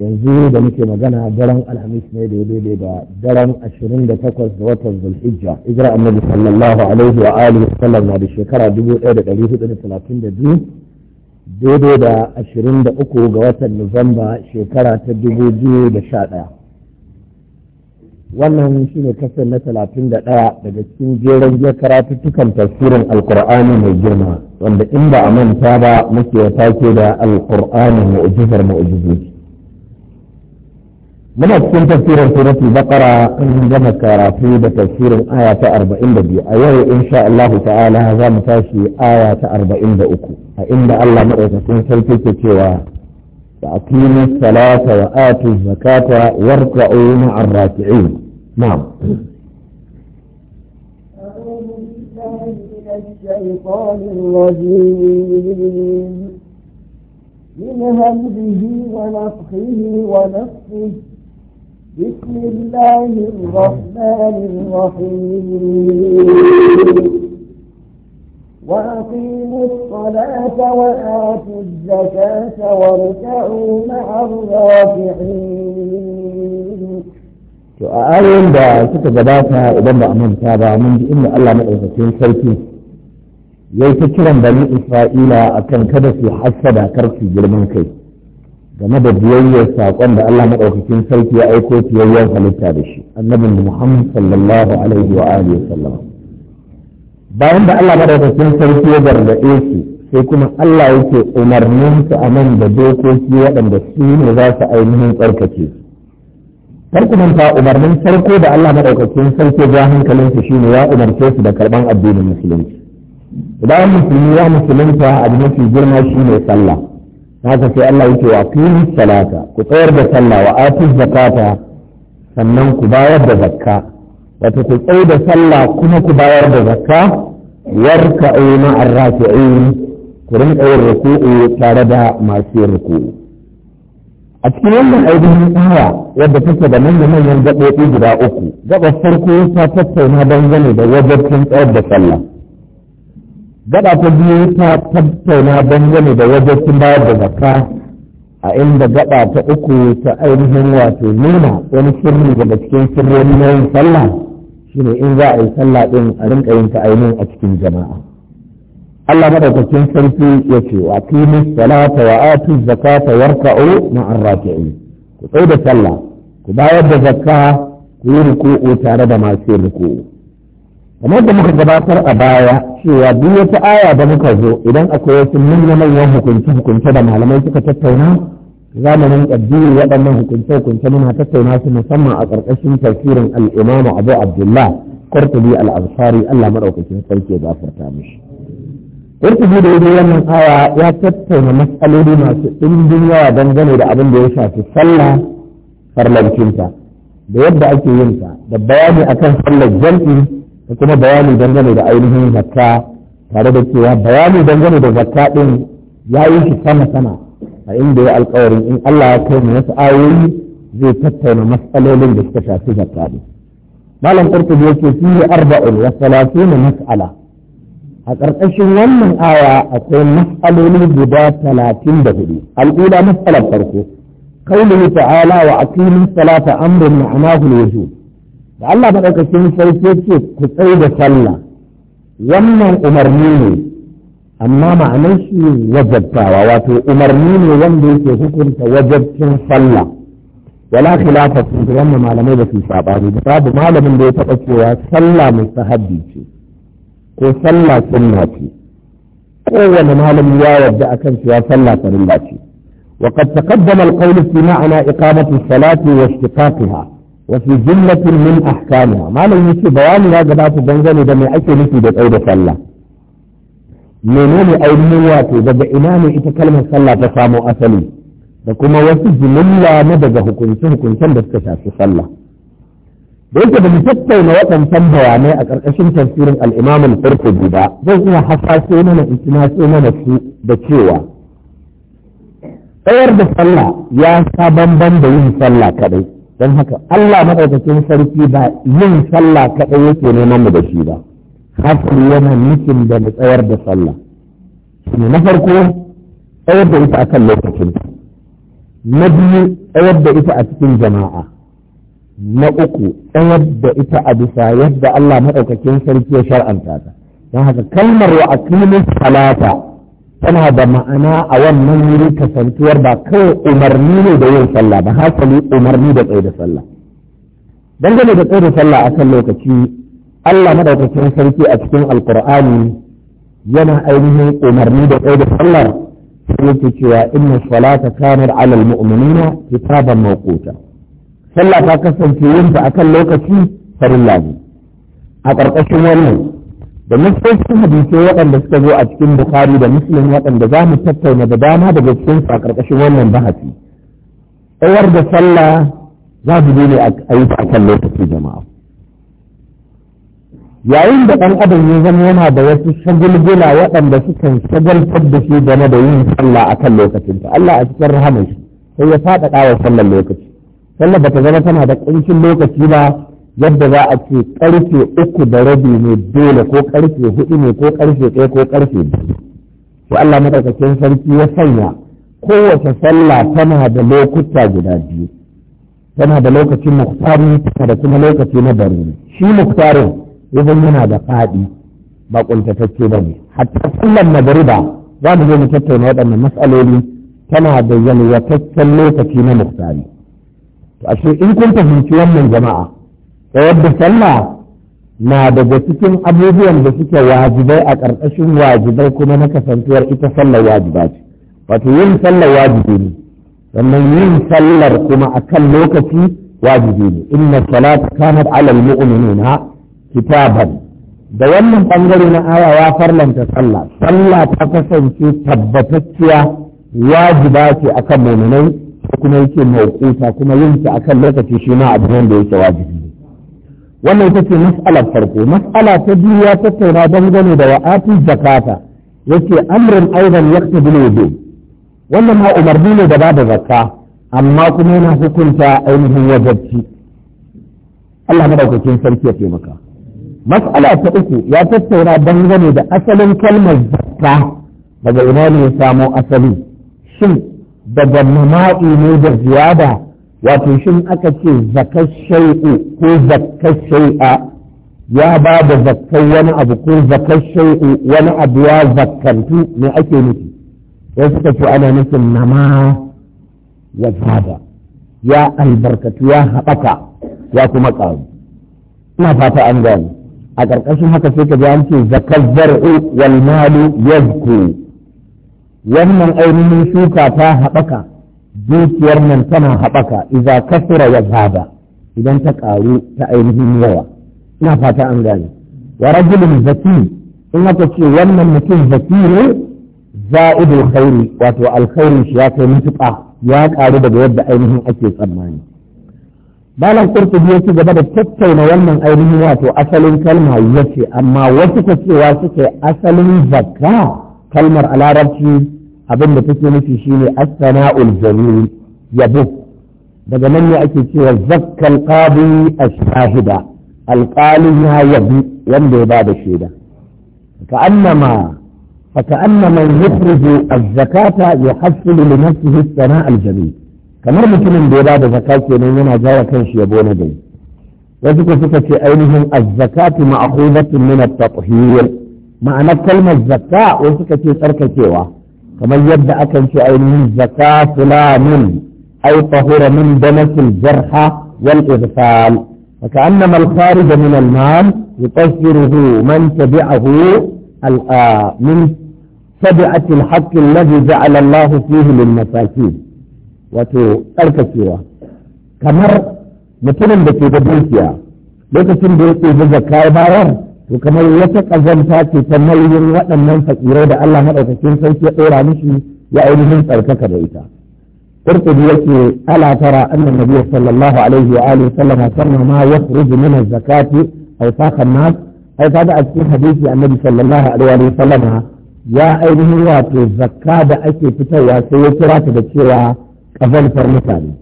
yanzu da muke magana daren alhamis ne da daidai da daren ashirin da takwas ga watan zulhijja hijira annabi sallallahu alaihi wa alihi sallam na da shekara dubu ɗaya da ɗari hudu da talatin da biyu daidai da ashirin da uku ga watan nuwamba shekara ta dubu biyu da sha ɗaya wannan shi ne kasar na talatin da daga cikin jeren jiya karatuttukan tafsirin alkur'ani mai girma wanda in ba a manta ba muke take da alkur'ani mu'jizar mu'jizoci من أكون تفسير سورة البقرة عندما كراتي تفسير آية أربعين دبي أيوة إن شاء الله تعالى هذا مفاشي آية أربعين دأكو فإن الله مرة تكون سلطة كوا فأقيموا الصلاة وآتوا الزكاة واركعوا مع الراكعين نعم من همزه ونفخه ونفخه بسم الله الرحمن الرحيم وأقيموا الصلاة وآتوا الزكاة واركعوا مع الراكعين to a ayoyin da suka gabata idan ba a manta ba mun ji inda Allah madaukakin sarki yayi ta kiran bani Isra'ila akan kada su hassada kar su girman kai game da biyayyar saƙon da Allah maɗaukakin sarki ya aiko biyayyar halitta da shi annabin Muhammad sallallahu alaihi wa alihi sallam bayan da Allah maɗaukakin sarki ya gargaɗe su sai kuma Allah yake umarnin su a nan da dokoki waɗanda su ne za su ainihin tsarkake su fa umarnin farko da Allah maɗaukakin sarki ya hankalin su shine ya umarce su da karɓan addinin musulunci idan musulmi ya musulunta abu mafi girma shine sallah haka sai Allah yake wa qimis salata ku tsayar da sallah wa atuz zakata sannan ku bayar da zakka wato ku tsayar da sallah kuma ku bayar da zakka warka'u ma'ar raki'in ku rinka yin ruku'u tare da masu yin a cikin wannan ainihin aya wadda take da manyan manyan gaɓoɓi guda uku gaɓar farko ta tattauna dangane da wajen tsayar da sallah gada ta biyu ta tattauna dangane da wajen bayar da zakka a inda gada ta uku ta ainihin wato nuna wani sirri daga cikin sirrin na yin sallah ne in za a yi sallah din a rinka yin ta ainihin a cikin jama'a Allah madaukakin sarki ya ce wa kini salata wa atu zakata warka'u ma'ar raki'in ku tsaida da sallah ku bayar da zakka ku yi ruku'u tare da masu ruku'u kamar da muka gabatar a baya cewa duk wata aya da muka zo idan akwai wasu na manyan hukunce hukunce da malamai suka tattauna zamanin biyu waɗannan hukunce hukunce muna tattauna su musamman a ƙarƙashin tafsirin al Abu Abdullah Qurtubi al-Ansari Allah madaukakin sarki ya gafarta mishi Qurtubi da yayin wannan aya ya tattauna matsaloli masu ɗimbin yawa dangane da abin da ya shafi sallah farlancinta da yadda ake yin ta da bayani akan sallar jam'i da kuma bayani dangane da ainihin zakka tare da cewa bayani dangane da zakka din ya yi shi sama sama a inda ya alkawarin in Allah ya kai mu wasu ayoyi zai tattauna matsalolin da suka shafi zakka din malam qurtubi yake arba'in arba'un wa salatuna mas'ala a ƙarƙashin wannan aya akwai mas'aloli guda talatin da hudu al'ula mas'alar farko wa تعالى وأقيموا الصلاة أمر معناه الوجوب da Allah maɗaukakin sarki ce ku tsaye da sallah wannan umarni ne amma ma'anar shi wajabtawa wato umarni ne wanda yake hukunta wajabcin sallah wala khilafa fi wannan malamai da su sabani da babu malamin da ya taɓa cewa sallah mustahabbi ce ko sallah sunna ce kowane malami ya yarda akan cewa sallah farilla ce وقد تقدم القول في معنى إقامة الصلاة واشتقاقها wasu jillatin min ahkami malam ce bayani ya gabata dangane da mai ake nufi da tsaye da sallah menene ainihin wato daga ina ne ita kalmar sallah ta samo asali da kuma wasu jimilla na daga hukunce hukuncen da suka shafi sallah da yake da tattauna waɗancan bayanai a ƙarƙashin tafsirin al farko guda zan iya hasashe mana itinace mana su da cewa tsayar da sallah ya sa bamban da yin sallah kadai don haka Allah maɗaukakin sarki ba yin sallah kaɗai yake neman mu da shi ba hasali yana nufin da mu tsayar da sallah ne na farko tsayar da ita akan lokacin na biyu tsayar da ita a cikin jama'a na uku tsayar da ita a bisa yadda Allah maɗaukakin sarki ya shar'anta ta don haka kalmar wa aqimus salata tana da ma'ana a wannan wuri kasantuwar ba kawai umarni ne da yin sallah ba hasali umarni da tsaye da sallah dangane da tsaye da sallah a kan lokaci Allah madaukakin sarki a cikin alkur'ani yana ainihin umarni da tsaye da sallar sai yake cewa inna salata kanar alal mu'minina kitaban mawquta sallah ta kasance yin ta akan lokaci farilla ne a ƙarƙashin wannan da nassosin hadisai waɗanda suka zo a cikin bukhari da muslim waɗanda za mu tattauna da dama daga cikin su a ƙarƙashin wannan bahasi tsawar da sallah za mu ne a yi a kan lokaci jama'a yayin da ɗan adam ya zama yana da wasu shagulgula waɗanda sukan shagaltar da shi game da yin sallah a kan lokacinta Allah a cikin rahamar shi sai ya faɗaɗa wa sallar lokaci sallar ba ta zama tana da ƙunshin lokaci ba yadda za a ce karfe uku da rabi ne dole ko karfe hudu ne ko karfe ɗaya ko karfe biyu to Allah madaukakin sarki ya sanya kowace sallah tana da lokuta guda biyu tana da lokacin muktari tana da kuma lokaci na baruri shi muktarin idan yana da faɗi ba ƙuntatacce ba ne hatta sallar magariba za mu zo mu tattauna waɗannan matsaloli tana da yalwataccen lokaci na muktari to ashe in kun fahimci wannan jama'a tsayar sallah na daga cikin abubuwan da suke wajibai a ƙarƙashin wajibai kuma na kasantuwar ita sallar wajiba ce wato yin sallar wajibi ne sannan yin sallar kuma a kan lokaci wajibi ne inna salata kanat alal mu'minina kitaban da wannan bangare na aya ya farlanta sallah sallah ta kasance tabbatacciya wajiba ce akan mu'minai kuma yake mauquta kuma yin ta akan lokaci shi ma abu da yake wajibi wannan ita ce mas'alar farko mas'ala ta biyu ya tattauna dangane da wa'ati zakata yace amrun aidan yaqtadi al-wudu wannan ma umarni ne da da zakka amma kuma yana hukunta ainihin wajabci Allah madaukakin sarki ya taimaka mas'ala ta uku ya tattauna dangane da asalin kalmar zakka daga ina ne ya samo asali shin daga nama'i ne da ziyada wato shin aka ce zakar shai'u ko zakar shai'a ya ba da zakar wani abu ko zakar shai'u wani abu ya zakantu me ake nufi sai suka ce ana nufin nama ya fada ya albarkatu ya haɓaka ya kuma ƙaru ina fata an gani a ƙarƙashin haka sai ka ji an ce zakar zar'u wal malu yazkuru wannan ainihin shuka ta haɓaka dukiyar nan tana haɓaka iza kasura ya zaba idan ta ƙaru ta ainihin yawa ina fata an gane wa rajulun zaki in aka ce wannan mutum zaki ne za'idul khairi wato alkhairin shi ya kai mutuƙa ya ƙaru daga yadda ainihin ake tsammani malam qurtubi ya ci gaba da tattauna wannan ainihin wato asalin kalma yace amma wasu ka cewa suke asalin zakka kalmar a larabci abin da take nufi shine as-sana'ul jamil yabo daga nan ne ake cewa zakkal qadi ash-shahida al-qali ya yabi wanda ya bada shaida ka annama fa ka annama yukhriju az-zakata yuhassilu li nafsihi as sanaul jamil kamar mutumin da ya bada zakka kenan yana jawo kanshi yabo na gari wasu ko suka ce ainihin az-zakatu ma'khudatun min at-tathhir ma'ana kalmar zakka wasu suka ce tsarkakewa kamar yadda akan ce ainihin zaka fulanin ai tahura min damasil jarha wal ibsal فكأنما الخارج من المال يطهره من تبعه من تبعة الحق الذي جعل الله فيه للمساكين وتركسوا كمر mutumin da ke da dukiya lokacin da yake da zakai bayar to kamar wata ƙazanta ce من nauyin waɗannan fakirai da Allah maɗaukakin sarki ya ɗora mishi ya ainihin tsarkaka da ita. ألا ترى أن النبي صلى الله عليه وآله وسلم كان ما يخرج من الزكاة أوساخ الناس أي هذا أكيد حديث النبي صلى الله عليه وآله وسلم يا أيها واتو الزكاة أكي فتوى سيكرات بكيوى كفل فرمتاني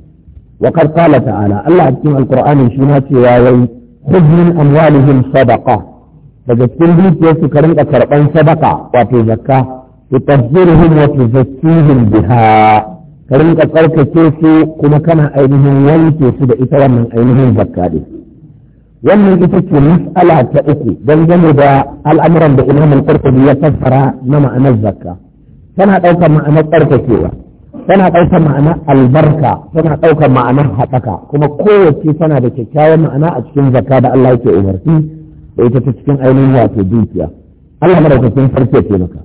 وقد قال تعالى الله أكيد القرآن شناتي خذ من أموالهم صدقة daga cikin dukiyar su karin karɓan sadaka wato zakka tutahhiruhum wa tuzakkihim biha karin ka tsarkake su kuma kana ainihin wanke su da ita wannan ainihin zakka din wannan ita ce mas'ala ta uku dangane da al'amuran da imam al-qurtubi ya fassara na ma'anar zakka tana ɗaukar ma'anar tsarkakewa tana ɗaukar ma'anar albarka tana ɗaukar ma'anar haɗaka kuma kowace tana da kyakkyawan ma'ana a cikin zakka da Allah yake umarci ko ita ta cikin ainihin wato dukiya Allah madaukakin a Rabi'a taimaka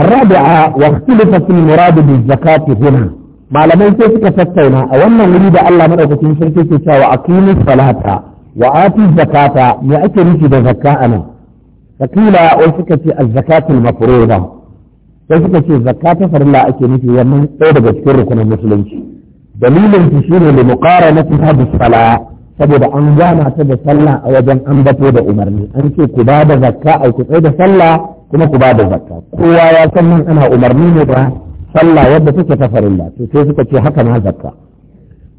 الرابعة واختلف في المراد بالزكاة هنا malamai sai suka tattauna a wannan wuri da Allah madaukakin farce ke cewa aqimus salata wa zakata me ake nufi da zakka anan fakila wai suka ce az-zakatul mafruḍa sai suka ce zakata farilla ake nufi wannan ɗaya daga cikin rukunin musulunci dalilin shi shine li muqaranati hadis sala saboda an gana ta da sallah a wajen an bato da umarni an ce ku ba da zakka a ku da sallah kuma ku ba da zakka kowa ya san nan ana umarni ne da sallah yadda take ta farilla to sai suka ce haka ma zakka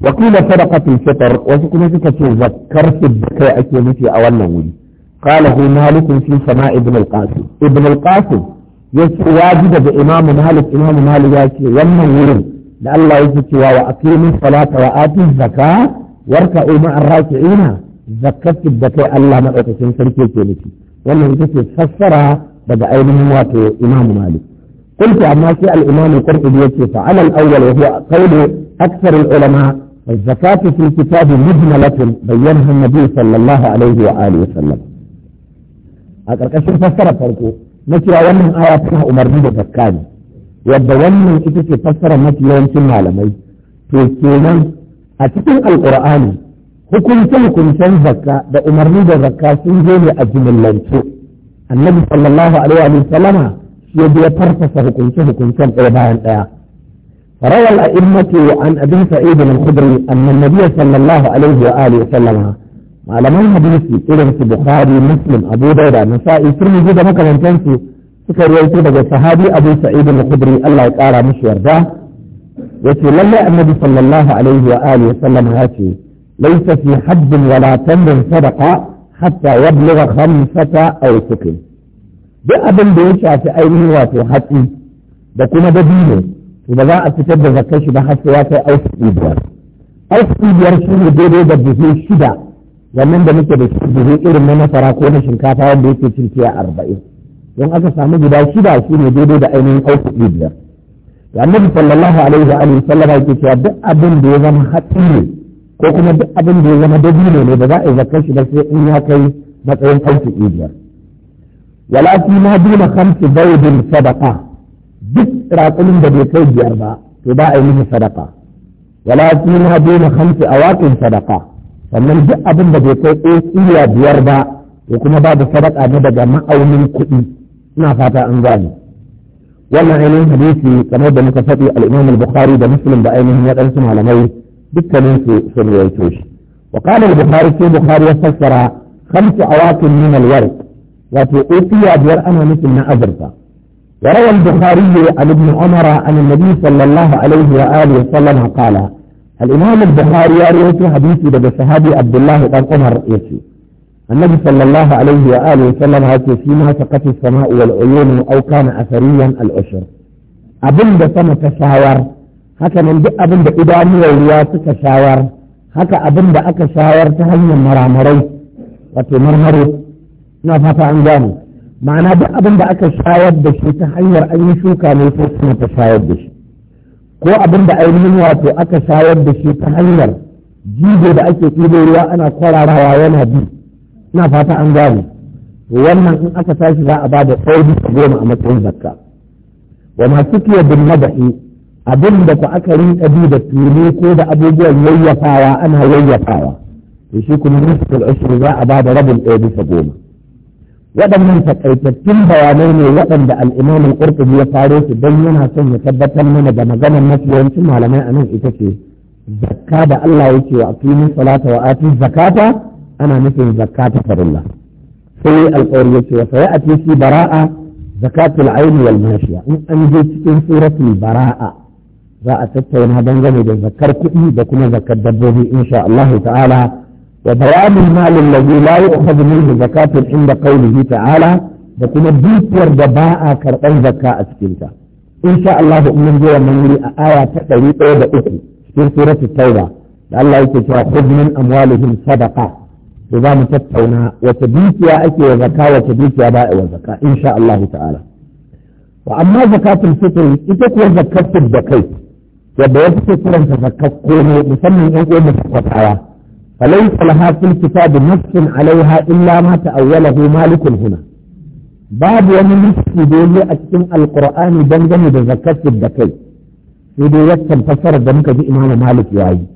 wa qila sadaqatul fitr wasu kuma suka ce zakkar kai ake nufi a wannan wuri qala hu malikun fi sama ibn al-qasim ibn al-qasim yace wajibi da imamu malik imamu malik ya ce wannan wurin da Allah yake cewa wa aqimus salata wa atuz zakata warka umma arraki'ina zakatu da kai Allah maɗaukacin sarki ke nufi wannan ita ce fassara daga ainihin wato Imam Malik قلت أما في الإمام القرطبي يكفي فعلى الأول وهو قول أكثر العلماء الزكاة في الكتاب مجملة بينها النبي صلى الله عليه وآله وسلم أكركشن فسر فرقو نكرا ومن آياتها أمرني بزكاني wadda wannan ita ce fassara mafi yawancin malamai to kenan a cikin alkur'ani hukunce hukuncen zakka da umarni da zakka sun zo ne a jimillance annabi sallallahu alaihi wa sallama ya biya farfasa hukunce hukuncen ɗaya bayan ɗaya a روى الأئمة عن أبي سعيد الخدري أن النبي صلى الله عليه وآله وسلم malaman hadisi irin su bukhari muslim abu dauda nasa'i turmizi da makamantansu suka ruwaito daga sahabi abu sa'id al-khudri Allah ya kara mishi yarda yace lallai annabi sallallahu alaihi wa alihi wa sallam ya ce laysa fi haddin wala tamrin sadaqa hatta yablugha khamsata aw sukin duk abin da ya shafi ainihin wato hatsi da kuma dabino to ba za a fitar da zakar shi ba har sai ya kai auki biyar auki biyar shi ne daidai da buhu shida wannan da muke da shi buhu irin na masara ko na shinkafa wanda yake cin tiya arba'in don aka samu guda shida shi ne daidai da ainihin auki biyar annabi sallallahu alaihi wa sallam yake cewa duk abin da ya zama hatsi ne ko kuma duk abin da ya zama dabino ne ba za a yi zakar shi ba sai in ya kai matsayin aiki biyar wala fi ma duna khamsi baydin sadaqa duk raƙumin da bai kai biyar ba to ba a yi masa sadaqa wala fi ma duna khamsi awaqin sadaqa sannan duk abin da bai kai tsiya biyar ba to kuma babu sadaqa ne daga ma'aunin kuɗi ina fata an gane wannan ainihin hadisi kamar da muka faɗi al-Imam al-Bukhari da Muslim da ainihin ya ɗansu malamai dukkanin su sun rawaito shi wa qala al-Bukhari sai Bukhari ya fassara khamsu awakin min al-warq wato ukiya biyar ana nufin na azurfa wa rawa al-Bukhari an ibn Umar an annabi sallallahu alaihi wa alihi wa sallam qala al-Imam al-Bukhari ya rawaito hadisi daga sahabi Abdullah dan Umar yace النبي صلى الله عليه وآله وسلم هاته فيما سقط السماء والعيون أو كان أثريا الاشر. أبن بسم تشاور هكا من دي أبن بإدامي ورياس تشاور هكا أبن بأك شاور تهي مرامري وتمرمري نفاق عن جاني معنى دي أبن بأك شاور بشي يتحير أي شو كان نفوس نتشاور بشي بش. abin ابن ainihin wato aka shawar شاور shi يتحير hanyar jibo da ake tsibirwa انا kwararawa yana biyu ina fata an gane wannan in aka tashi za a ba da ɗari goma a matsayin zakka wa masu kiyo bin abinda abin da ku aka rinka bi da tuni ko da abubuwan yayyafawa ana yayyafawa da shi kuma nisful ushri za a ba da rabin ɗaya bisa goma waɗannan takaitattun bayanai ne waɗanda al'imamin al ya faro su don yana son ya tabbatar mana da maganar mafi yawancin malamai a nan ita ce zakka da Allah yake wa aqimin salata wa ati zakata ana nufin zakka ta farilla sai alƙawari yace wa sayati fi bara'a zakatul aini wal mashiya in an je cikin suratul bara'a za a tattauna dangane da zakar kuɗi da kuma zakar dabbobi insha Allah ta'ala wa bayanul mal alladhi la yu'khadhu minhu inda qawlihi ta'ala da kuma dukiyar da ba a karɓar zakka a cikinta insha Allah in mun je wannan wuri a aya ta ɗari ɗaya da uku cikin suratul tauba da Allah yake cewa khudh min amwalihim sadaqa to za mu tattauna wata dukiya ake wa zaka wata dukiya ba a wa zaka insha Allah ta'ala wa amma zakatul fitr ita kuwa zakatul da kai yadda wasu ke kiranta zakar komai musamman yan uwan mutakwatawa فليس لها في الكتاب نص عليها إلا ما تأوله مالك هنا باب ومن نفسي دولي أتم القرآن دنجم بزكاة الدكي sai dai yaccan fassarar da muka ji imamu malik ya yi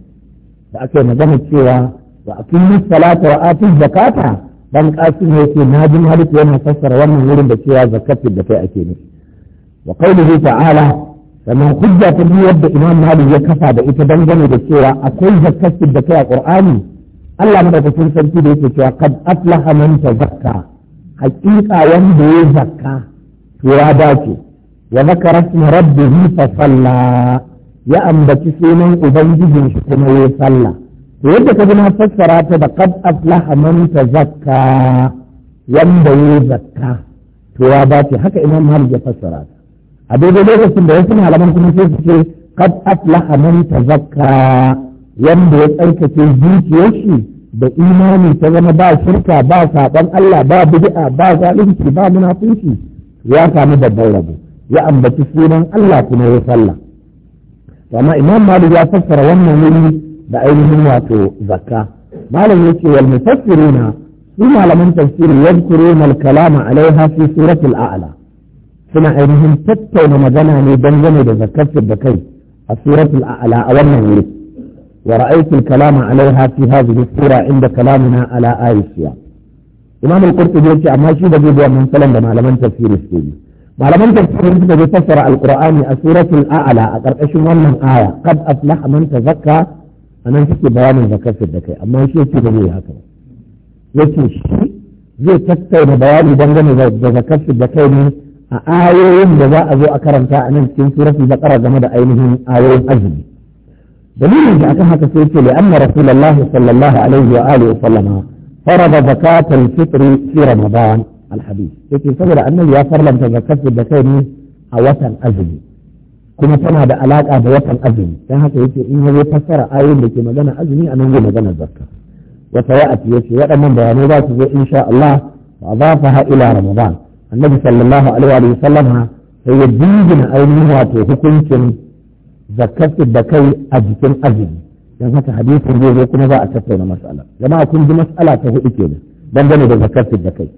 da aka yi magana cewa wa aqimu salata wa atu zakata dan qasim yake najin hadisi yana fassara wannan wurin da cewa zakatin da kai ake nufi wa qawluhu ta'ala sannan hujja ta biyu wadda imam malik ya kafa da ita dangane da cewa akwai zakatin da kai a qur'ani Allah madaukakin sarki da yake cewa kad aflaha man tazakka haqiqa wanda ya zakka to ya dace wa zakara isma rabbihi fa salla ya ambaci sunan ubangijin shi kuma ya sallah to yadda ka na fassara ta da qad aflaha man tazakka wanda ya zakka to ya dace haka imam malik ya fassara ta a daidai lokacin da wasu malaman kuma sai su ce qad aflaha man tazakka wanda ya tsarkake zuciyar shi da imani ta zama ba shirka ba saɓon Allah ba bid'a ba zalunci ba munafunci ya sami babban rabo ya ambaci sunan Allah kuma ya sallah amma imam malik ya fassara wannan wuri da ainihin wato zakka malam yake wal mufassiruna su malaman tafsiri yadkuruna al kalama alaiha fi suratil a'la suna ainihin tattauna magana ne don dangane da zakkar da kai a suratul a'la a wannan wuri wa ra'aytu kalama alaiha fi hadhihi sura inda kalamuna ala aisha imam al qurtubi yace amma shi da bibiya mun salan da malaman tafsiri su ne malaman tafsiri suka je fassara al qur'ani a suratul a'la a karkashin wannan aya qad aflaha man zakka. a nan suke bayanin zakar da kai amma shi yake da zai haka yace shi zai tattauna bayani dangane da zakar da kai ne a ayoyin da za a zo a karanta a nan cikin suratul baqara game da ainihin ayoyin azumi dalilin da akan haka sai ce li'anna rasulullahi sallallahu alaihi wa alihi wa sallama farada zakatul fitr fi ramadan al-hadith yake saboda annabi ya farlanta zakar da kai ne a watan azumi kuma tana da alaƙa da watan azumi dan haka yake in ya fassara ayoyin da ke magana azumi a nan zai magana zakka wata ya'ati yace waɗannan bayanai za su zo insha Allah fa adafaha ila ramadan annabi sallallahu alaihi wa sallam sai ya dingina ainihin wato hukuncin zakkar da kai a jikin azumi dan haka hadisin zai zo kuma za a tattauna mas'ala jama'a kun ji mas'ala ta hudu kenan dangane da zakkar da kai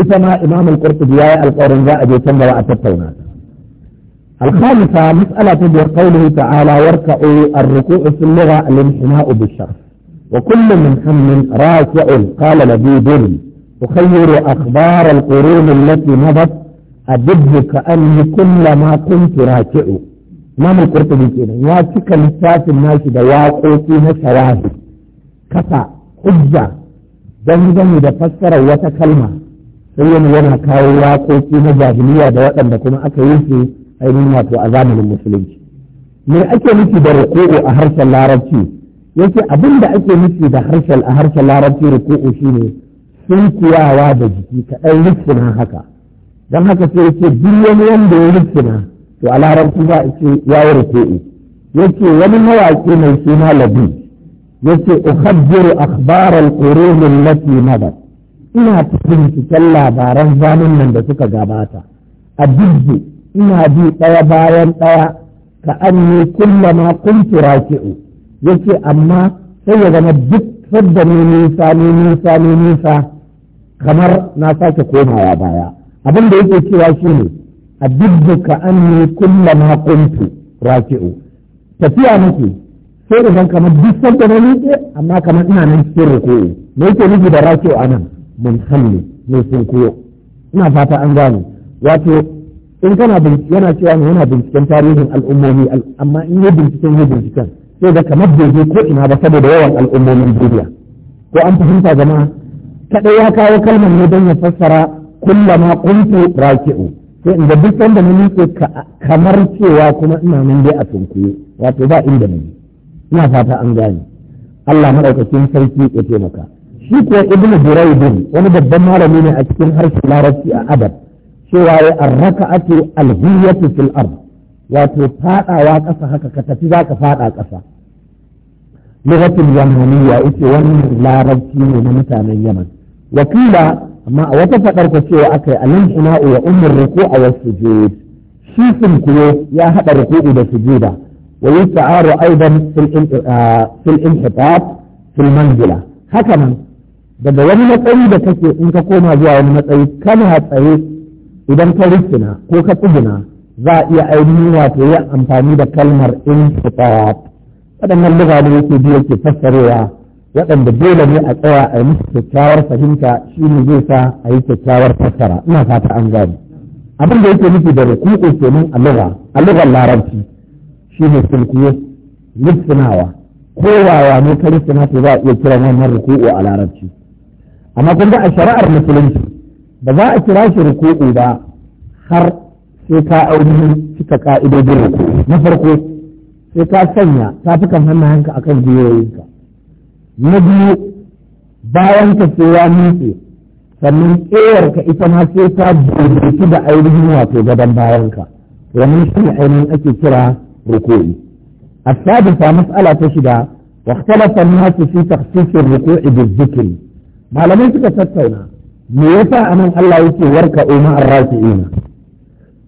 ita ma imamul qurtubi yayi alƙawarin za a je can da a tattauna ta الخامسة مسألة بقوله تعالى واركعوا الركوع في اللغة الانحناء بالشرف وكل من هم راكع قال لبيب أخير أخبار القرون التي مضت أدب كأني كلما كنت راكع إمام القرطبي كده يا تلك لسات الناس ده واقوتي شواهد كفى حجة دنجن ده فسر وتكلمة sai yana kawo waƙoƙi na jahiliya da waɗanda kuma ainihin wato a zamanin musulunci me ake nufi da ruku'u a harshen larabci yake abin da ake nufi da harshen a harshen larabci ruku'u shine sunkuyawa da jiki kaɗan rufina haka don haka sai yake duk wani wanda ya rufina to a larabci za a ce ya yi ruku'u yake wani mawaƙi mai suna labi yake uhaddiru akhbaral qurun allati nabat ina binciken labaran zamanin da suka gabata a duk ina bi ɗaya bayan ɗaya ka an ne kulla kullama kuntu raki'u yake amma sai ya zama duk sadda ne nisa ne nisa ne nisa kamar na sake komawa baya abin da yake cewa ne a duk ka an ne kulla kullama kuntu raki'u tafiya nake sai da zan kamar duk sanda ne nisa amma kamar ina nan cikin ruku'u me yake nufi da raki'u anan mun hannu ne sun kuyo ina fata an gane wato in kana yana cewa ne yana binciken tarihin al'ummomi amma in yi binciken yi binciken sai da kamar bai ko ina ba saboda yawan al'ummomin duniya ko an fahimta zama kaɗai ya kawo kalmar ne don ya fassara kullama kuntu raki'u sai in ga duk sanda na nike kamar cewa kuma ina nan dai a tunkuye wato ba inda na ina fata an gane Allah madaukakin sarki ya taimaka shi ko ibnu buraidin wani babban malami ne a cikin harshen larabci a adab cewa ya arraka'atu alhiyatu fil ard wato fadawa ƙasa haka ka tafi za ka fada ƙasa lughatul yamaniya yace wannan larabci ne na mutanen yaman wakila amma a wata fadar ka cewa akai alam ina'u wa ummur ruku'a was sujud shi sunkuyo ya hada ruku'u da sujuda wa yusta'aru aidan fil inhitat fil manzila haka nan daga wani matsayi da kake in ka koma zuwa wani matsayi kana tsaye idan ka rikina ko ka tsuguna za a iya ainihin wato yin amfani da kalmar in fitawat waɗannan lura ne yake biyar ke fassarewa waɗanda dole ne a tsaya a yi kyakkyawar fahimta shi ne zai sa a yi kyakkyawar fassara ina fata an gani abin da yake nufi da ruku'u kenan a lura a lugar larabci shi ne sulkuyo lissinawa kowawa ne ka lissina to za a iya kiran wannan ruku'u a larabci amma kun ga a shari'ar musulunci ba za a kira shi ruku'u ba har sai ka auri cika ka'idodin ruku'u na farko sai ka sanya tafukan hannayenka akan gwiwoyinka na biyu bayan ka sai ya nutse sannan ka ita ma sai ta daidaiti da ainihin wato gaban bayanka wannan shi ne ainihin ake kira ruku'i السادسة مسألة تشدى واختلف الناس في تخصيص الركوع بالذكر malamai suka tattauna. me yasa anan Allah yake warka umma ar-rafi'ina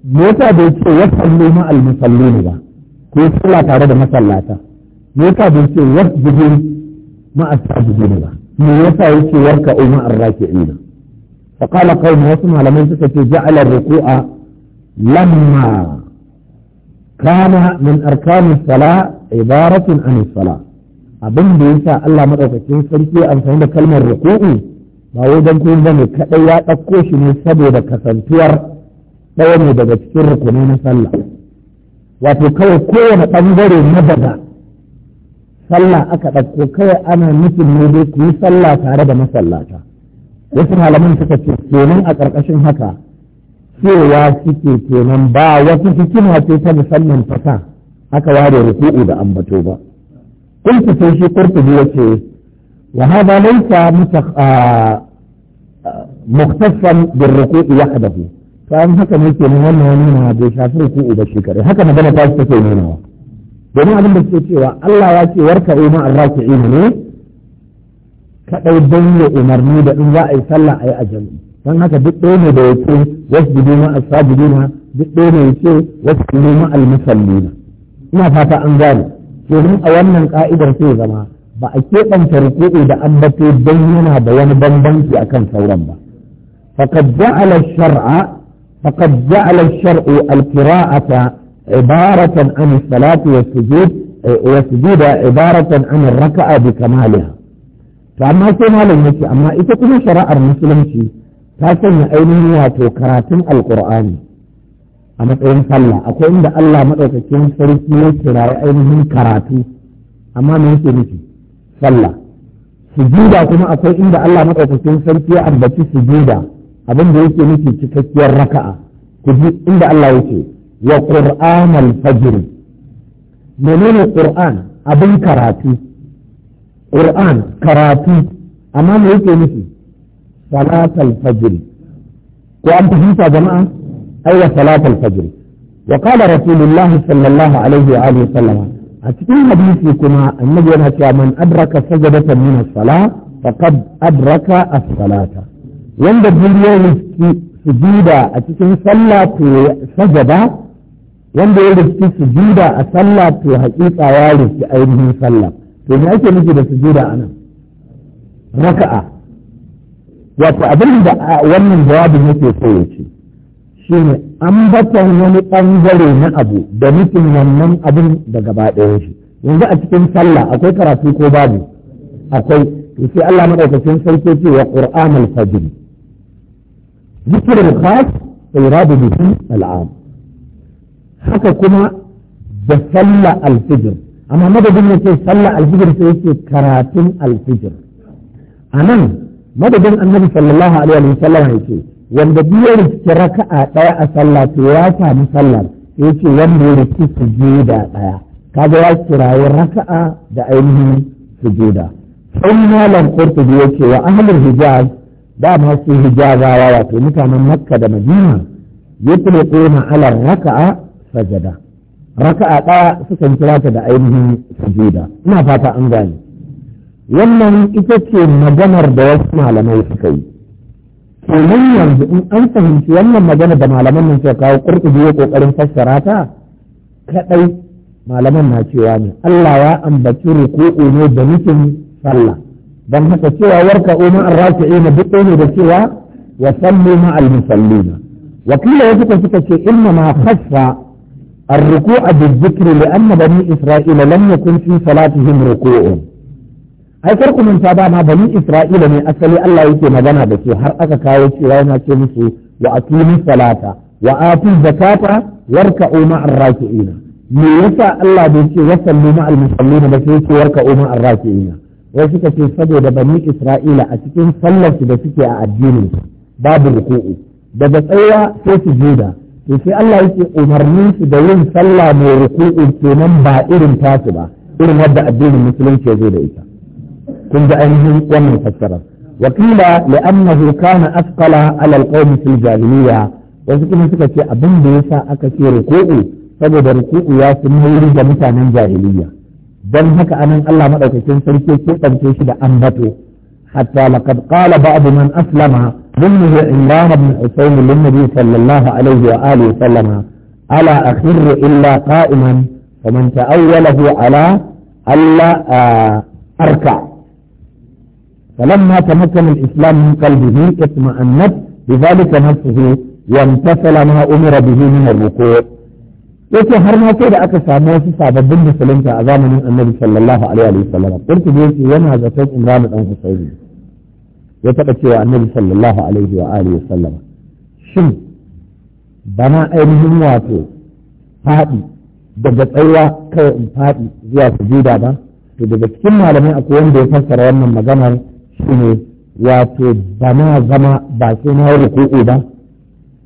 me yasa bai ce wasallu ma al-musallin ba ko sallah tare da masallata me yasa bai ce wasjudu ma as-sajidin ba me yasa yake warka ma umma ar-rafi'ina فقال قوم وسمع لمن سكت جعل الركوع لما كان من أركان الصلاة عبارة عن الصلاة abin da yasa Allah madaukakin sarki amfani da kalmar ruku'u ba wai don kuma bane kaɗai ya ɗauko shi ne saboda kasantuwar ɗaya ne daga cikin rukuni na sallah wato kawai kowane ɓangare na daga sallah aka ɗauko kawai ana nufin ne dai ku yi sallah tare da masallata wasu malaman suka ce kenan a ƙarƙashin haka cewa suke kenan ba wata hikima ce ta musamman fasa aka ware ruku'u da ambato ba kun sai shi kurtubi ya ce وهذا ليس متخ... آ... مختصا بالركوع وحده فان هكا ملك مهمه نونا بشافر ركوع بشكر هكا ما بنا تاش تكي نونا domin abin da suke cewa Allah ya ce warka ima arraki ne kadai don ya umarni da in za a yi sallah a yi a jami'i don haka duk ɗaya ne da ya wasu gudu ma asabidina duk wasu ina fata an gane a wannan ka'idar sai zama ba a keɓanta rikiɗe da ambato don yana da wani bambanci a kan sauran ba. Fakat ja'ala shar'a, fakat ja'ala shar'u alkira'ata ibaratan an salatu wa sujud eh, wa sujuda ibaratan an raka'a bi kamaliha. To amma sai malam yace amma ita kuma shari'ar musulunci ta sanya ainihin wato karatun alkur'ani a matsayin sallah akwai inda Allah madaukakin sarki ya kira ainihin karatu amma me yake nufi sallah sujuda kuma akwai inda Allah madaukakin sarki ya ambaci sujuda abin da yake nufi cikakkiyar raka'a ku ji inda Allah yake wa qur'an al-fajr menene qur'an abin karatu qur'an karatu amma me yake nufi salat al-fajr ko an fahimta jama'a aiwa salat al-fajr وقال رسول الله صلى الله عليه وآله sallam. a cikin hadisi kuma annabi yana cewa man adraka sajadatan min as-salah faqad adraka as-salata wanda duniya su sujuda a cikin sallah to sajada wanda ya riski sujuda a sallah to hakika ya riski ainihin sallah to me ake nufi da sujuda anan raka'a wato abin da wannan jawabin yake so ya ce shine ambaton wani ɓangare na abu da nufin wannan abin da gaba shi yanzu a cikin sallah akwai karatu ko babu akwai to sai Allah madaukakin sarki ce wa qur'an al-fajr zikr al-khas iradu bihi al-am haka kuma da sallah al-fajr amma madadin ya ce sallah al-fajr sai yake karatun al-fajr anan madadin annabi sallallahu alaihi wa sallam ce wanda biyu riski raka'a ɗaya a sallah to ya sami sallar ya ce wanda ya riski sujuda ɗaya kaga ya kirayi raka'a da ainihin sujuda sai malam ya ce wa ahlul hijaz da ma su hijazawa wato mutanen makka da madina yutlaquna ala raka'a sajada raka'a ɗaya suka kira ta da ainihin sujuda ina fata an gane wannan ita ce maganar da wasu malamai suka yi ومن يرجو ان انتهم في ان ما جانا دم على من من سيكاو قرق بيو قو كأي ما لما ما تيواني الله يا أن بطير قوء نوبنكم صلى بل حتى سوى ورك أمع الراكعين بطين بسوى وصلوا مع المصلين وكل يجب أن تكون إنما خف الركوع بالذكر لأن بني إسرائيل لم يكن في صلاتهم ركوع ai kar ku manta ba ma bani isra'ila ne asali Allah yake magana da su har aka kawo cewa yana ce musu wa atimu salata wa atu zakata warka'u ma'ar raki'ina me yasa Allah bai ce wasallu ma'al musallin ba sai ce warka'u ma'ar raki'ina wai suka ce saboda bani isra'ila a cikin sallar su da suke a addinin babu ruku'u daga tsayawa sai su juda to sai Allah yake umarnin su da yin sallah mai ruku'u kenan ba irin tasu ba irin wadda addinin musulunci ya zo da ita kun ji ainihin wannan fassarar وقيل لأنه كان أثقل ala القوم في الجاهلية wasu kuma suka ce abin da ya sa aka ce ruku'u saboda ruku'u ya fi nauyi ga mutanen jahiliya dan haka anan Allah madaukakin sarki ke ɗauke shi da ambato hatta laqad qala man aslama minhu Imran ibn Husayn lin Nabi sallallahu alaihi wa sallama ala akhir illa qa'iman faman ta'awwalahu ala alla ah, arka' فلما تمكن الإسلام من قلبه اطمأنت بذلك نفسه وامتثل ما أمر به من الركوع yake har ma sai da aka samu wasu sababbin musulunta a zamanin annabi sallallahu alaihi wa sallam kurtubi yake yana zaton imran dan husaini ya taɓa cewa annabi sallallahu alaihi wa alihi wa sallam shin bana ainihin wato faɗi daga tsayuwa kawai in faɗi zuwa sujuda ba to daga cikin malamai akwai wanda ya fassara wannan maganar shine wato ba na zama ba sai na ruku'u ba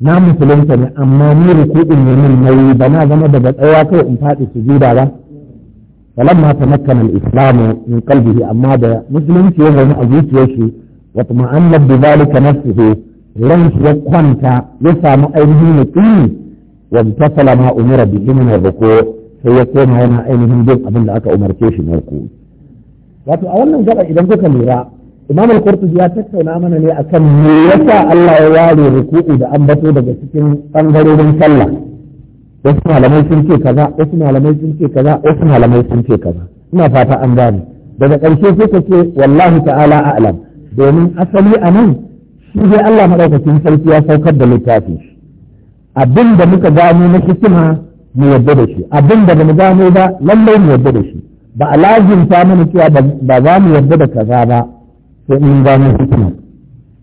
na musulunta ne amma ni ruku'un ne min nauyi ba na zama daga tsayawa kawai in faɗi sujuda ba فلما تمكن الإسلام من قلبه أما ده مسلم في يوم أجيت يشي واطمأن بذلك نفسه لنش يقوانتا يسام أينه نقيم وامتصل ما أمر به من الركوع فيكون هنا أينه نجيب أبن لأك أمر كيش من الركوع wato a wannan gaba idan kuka lura imam al-qurtubi ya tattauna mana ne akan me yasa Allah ya ware ruku'u da ambato daga cikin bangarorin sallah wasu malamai sun ce kaza wasu malamai sun ce kaza wasu malamai sun ce kaza ina fata an gane daga ƙarshe sai ka ce wallahi ta'ala a'lam domin asali a nan shi dai Allah madaukakin sarki ya saukar da littafi abin da muka gano na hikima mu yadda da shi abin da ba mu gano ba lallai mu yadda da shi ba a lazimta mana cewa ba za mu yadda da kaza ba ko in gano hikima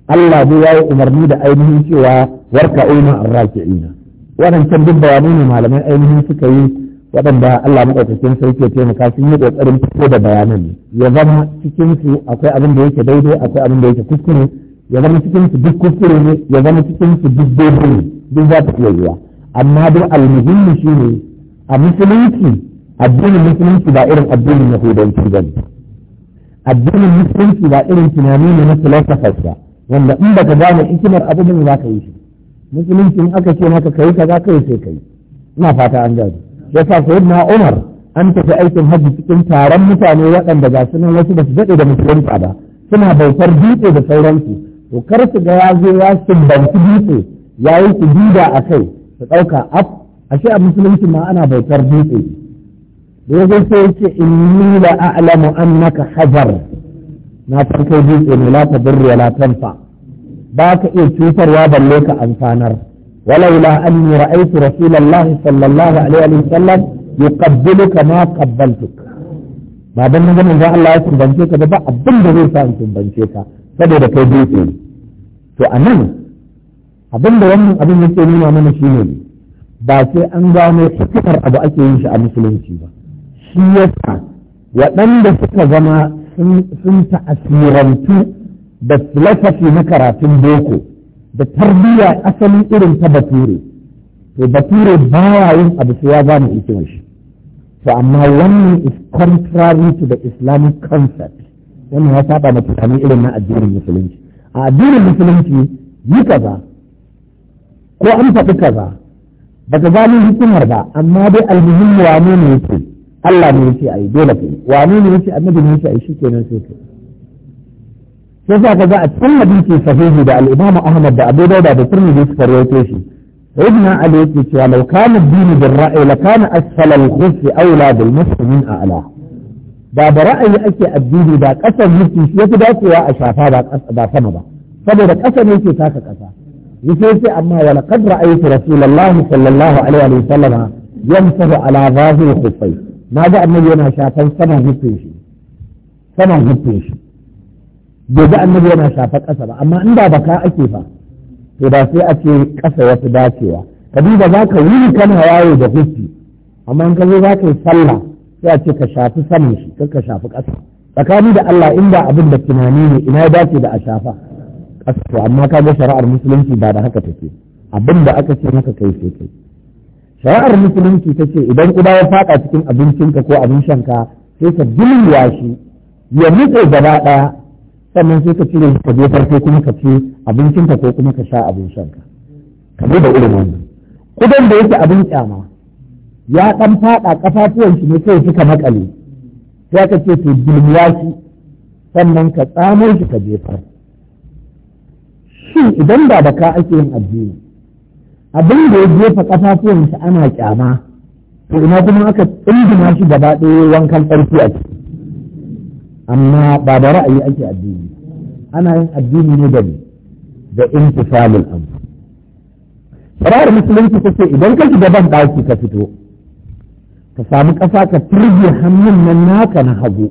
Allah zai yayi umarni da ainihin cewa warka ulma ina waɗancan duk bayanai ne malamai ainihin suka yi waɗanda Allah maɗaukakin sarki ya taimaka sun yi ƙoƙarin fito da bayanan ne ya zama cikin su akwai abin da yake daidai akwai abin da yake kuskure ya zama cikin su duk kuskure ne ya zama cikin su duk daidai ne duk za ta iya yiwa amma duk almuhimmi ne a musulunci addinin musulunci ba irin addinin yahudanci ba ne addinin musulunci ba irin tunani ne na filosofar ba wanda in baka gane hikimar abu ne za ka yi shi musulunci in aka ce maka kai ka yi sai kai ina fata an gaji, ya sa yasa na Umar an tafi aikin hajji cikin taron mutane waɗanda ga su nan wasu ba su daɗe da musulunci ba suna bautar dutse da sauransu to kar su ga ya zo ya sumbanci dutse ya yi su duba a kai su ɗauka af ashe a musulunci ma ana bautar dutse ya zo sai yake inni la a'lamu annaka hajar na farko dutse ne la tadur wa la tanfa ba ka iya cutarwa balle ka amfanar walaula anni ra'aytu rasulullahi sallallahu alaihi wa sallam yuqabbiluka ma qabbaltuka ba dan nan ganin Allah ya tumbance ka ba abin da zai sa in tumbance ka saboda kai dutse to anan abin da wannan abin yake nuna mana shine ba sai an gano hikimar abu ake yin shi a musulunci ba shi yasa waɗanda suka zama sun ta'asirantu da filosofi na karatun boko da tarbiyya asalin irin ta bature to bature baya yin abu sai ya gane hikimar shi to amma wannan is contrary to the islamic concept wannan ya saba mu tunani irin na addinin musulunci a addinin musulunci yi kaza ko an faɗi kaza ba ka gano hikimar ba amma dai almuhimmi wane ne yake Allah ne yace ayi dole kai wani ne yace annabi ne yace ayi shikenan sai kai sai ka kaga a cikin hadisi sahihi da al-Imam Ahmad da Abu Dawud da Tirmidhi suka rawaito shi ابن علي يقول لو كان الدين بالرأي لكان أسفل الخف أولى بالمسلمين أعلاه da ba ra'ayi ake addini ba ƙasar mulki shi yafi dacewa a shafa ba sama ba saboda ƙasa ne ke taka ƙasa yace sai amma wa laqad ra'aytu rasulullahi sallallahu alaihi wa sallam yansahu ala zahiri khuffai na ga annabi yana shafan sama hufin shi Sama hufin shi bai ga annabi yana shafa ƙasa ba amma inda baka ake fa to ba sai a ce ƙasa wasu dacewa ka duba za ka wuni kana yawo da hufi amma in ka zo za ka yi sallah sai a ce ka shafi saman shi kar ka shafi ƙasa tsakani da Allah inda abin da tunani ne ina ya dace da a shafa ƙasa to amma ka ga shari'ar musulunci ba da haka take abin da aka ce maka kai sai kai shari'ar musulunci ta ce idan uba ya faɗa cikin abincinka ko abin shanka sai ka dulwa shi ya nutse gaba ɗaya sannan sai ka cire ka je farko kuma ka ci abincinka ko kuma ka sha abin shanka ka zo da irin wannan kudan da yake abin kyama ya ɗan faɗa kafafuwan shi ne sai suka makale sai ka ce to dulwa shi sannan ka tsamo shi ka jefar shin idan ba da ka ake yin addini abin da ya jefa kafafuwansa ana kyama to ina kuma aka tsindima shi gaba ɗaya wankan tsarki a ciki amma ba da ra'ayi ake addini ana yin addini ne da da intifalul amr Sarar musulunci ta ce idan ka shiga ban ɗaki ka fito, ka samu ƙasa ka turge hannun nan naka na hagu.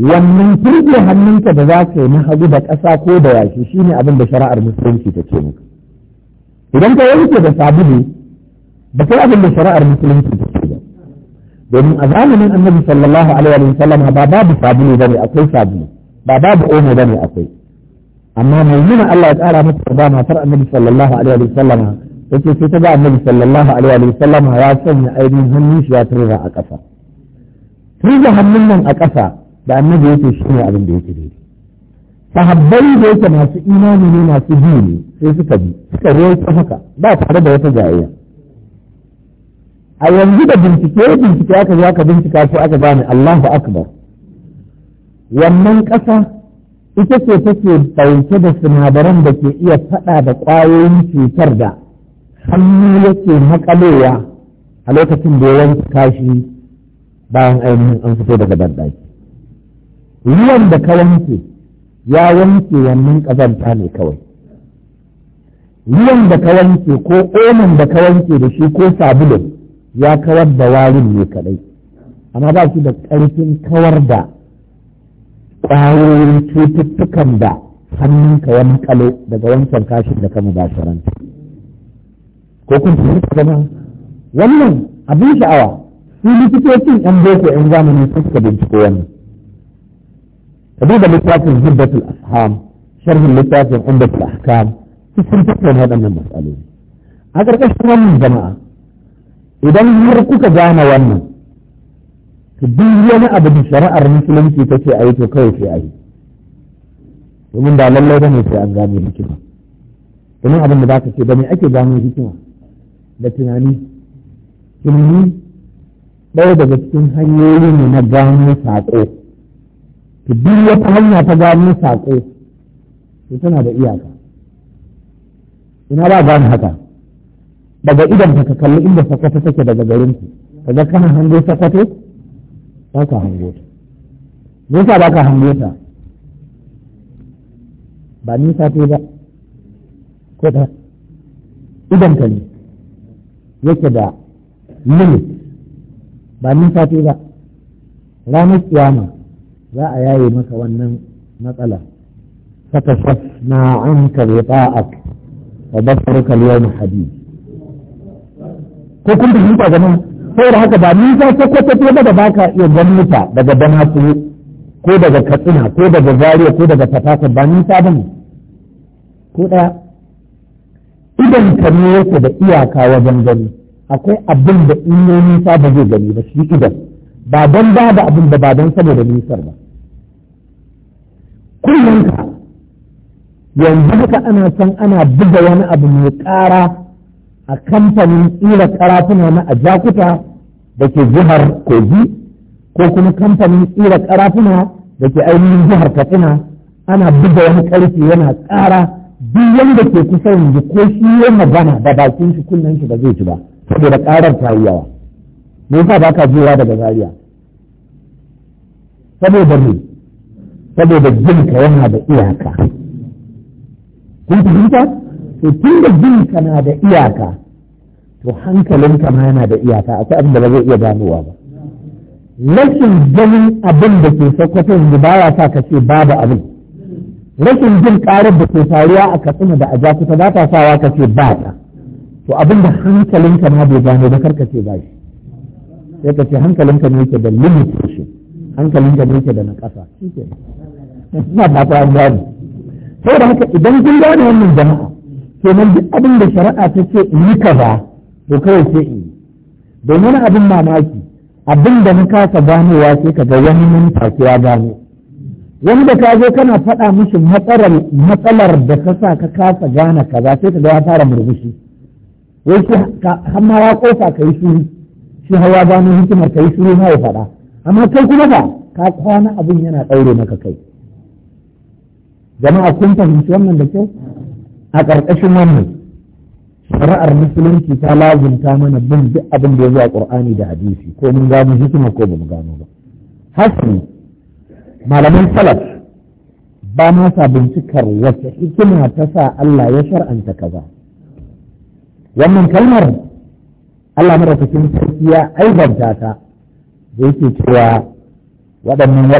Wannan firge hannunka da za ka yi na hagu da ƙasa ko da yashi shine abin da shari'ar musulunci ta ce muka. idan ka wanke da sabulu ba kai abin da shari'ar musulunci ta ce ba domin a zamanin annabi sallallahu alaihi wa sallam ba babu sabulu ba ne akwai sabulu ba babu omo ne akwai amma mai nuna Allah ya tsara mata karba matar annabi sallallahu alaihi wa sallam yake sai ta ga annabi sallallahu alaihi wa sallam ya sanya ainihin hannun shi ya turra a ƙasa turra hannun nan a ƙasa da annabi yake shi ne abin da yake daidai sahabbai da yake masu imani ne masu biyu ne sai suka bi suka ruwaito haka ba tare da wata jayayya a yanzu da bincike bincike aka zo aka bincika ko aka bani Allahu akbar wannan ƙasa ita ce take ɗauke da sinadaran da ke iya faɗa da ƙwayoyin cutar da hannu yake makalewa a lokacin da yawan kashi bayan ainihin an fito daga banɗaki ruwan da ka wanke ya wanke wannan ƙazanta ne kawai ruwan da ka wanke ko omen da ka wanke da shi ko sabulun ya kawar da warin ne kadai amma ba shi da ƙarfin kawar da ƙwayoyin cututtukan da hannunka wani kalo daga wancan kashin da kama basharan ko kun fahimta zama wannan abin sha'awa su likitocin yan boko yan zamani suka binciko wannan ka duba littafin zubbatul asham sharhin littafin umbatul ahkam sun tattauna waɗannan matsaloli a wannan jama'a idan har kuka gane wannan to duk wani abu da shari'ar musulunci ta ce a yi to kawai sai a yi domin da lallai ba sai an gane hikima domin abin da za ka ce ba ne ake gano hikima da tunani tunani ɗaya daga cikin hanyoyi ne na gano saƙo to duk wata hanya ta gano saƙo to tana da iyaka ina ba ni haka daga idan ka kalli inda sakwato take daga garin ku kaga kana hango sakwato ba ka hango ta me yasa ba ka hango ta ba nisa ce ba ko ta idan ka ne yake da limit ba nisa ce ba ranar kiyama za a yaye maka wannan matsala saka na an karɓa wa basarka al-yawm ko kun fahimta Sai da haka ba ni ta ko ta da baka iya gwamnata daga banasu ko daga Katsina ko daga Zaria ko daga Fatakar ba ni ta bane ko ɗaya idan ka ne yake da iyaka wajen gani akwai abin da in yi nisa ba zai gani ba shi idan ba don ba da abin da ba don saboda nisar ba kullum ka yanzu haka ana san ana buga wani abu mai ƙara a kamfanin tsira karafuna na ajakuta da ke jihar kogi ko kuma kamfanin tsira karafuna da ke ainihin jihar katsina ana buga wani karfe yana ƙara duk wanda ke kusa yanzu ko shi ya magana da bakin shi kullum shi ba zai ci ba saboda ƙarar ta yi yawa me yasa ba ka daga zaria saboda me saboda jinka yana da iyaka kun fahimta to tun da jin kana da iyaka to hankalinka ma yana da iyaka akwai abin da ba zai iya ganowa ba rashin ganin abin da ke sakwaton da ba ya sa ka ce babu abin rashin jin karar da ke faruwa a katsina da a jakuta ba ta sawa ka ce ba ta to abin da hankalinka ma bai gano ba karka ce ba shi sai ka ce hankalinka ne yake da limitation hankalinka ne yake da na ƙasa shi ke ba ta gano saboda haka idan kun gane wannan jama'a kenan duk abin da shari'a ta ce in yi kaba to kawai ce in yi domin abin mamaki abin da na kasa ganowa sai ka ga wani nan take ya gano wani da ka zo kana faɗa mishi matsalar matsalar da ka sa ka kasa gane kaza sai ka ga ya fara murmushi wai shi hamma ya kofa kai shi shi hawa gano hikimar kai shiru ne ya faɗa amma kai kuma ba ka kwana abin yana ɗaure maka kai jama'a kun fahimci wannan da kyau a ƙarƙashin wannan shari'ar musulunci ta lazumta mana bin duk abin da ya zuwa a ƙur'ani da hadisi ko mun gano hikima ko ba mu gano ba hasu malaman salaf ba ma sa bincikar wata hikima ta sa Allah ya shar'anta kaza wannan kalmar Allah madaukakin sarki ya aibanta ta da yake cewa waɗannan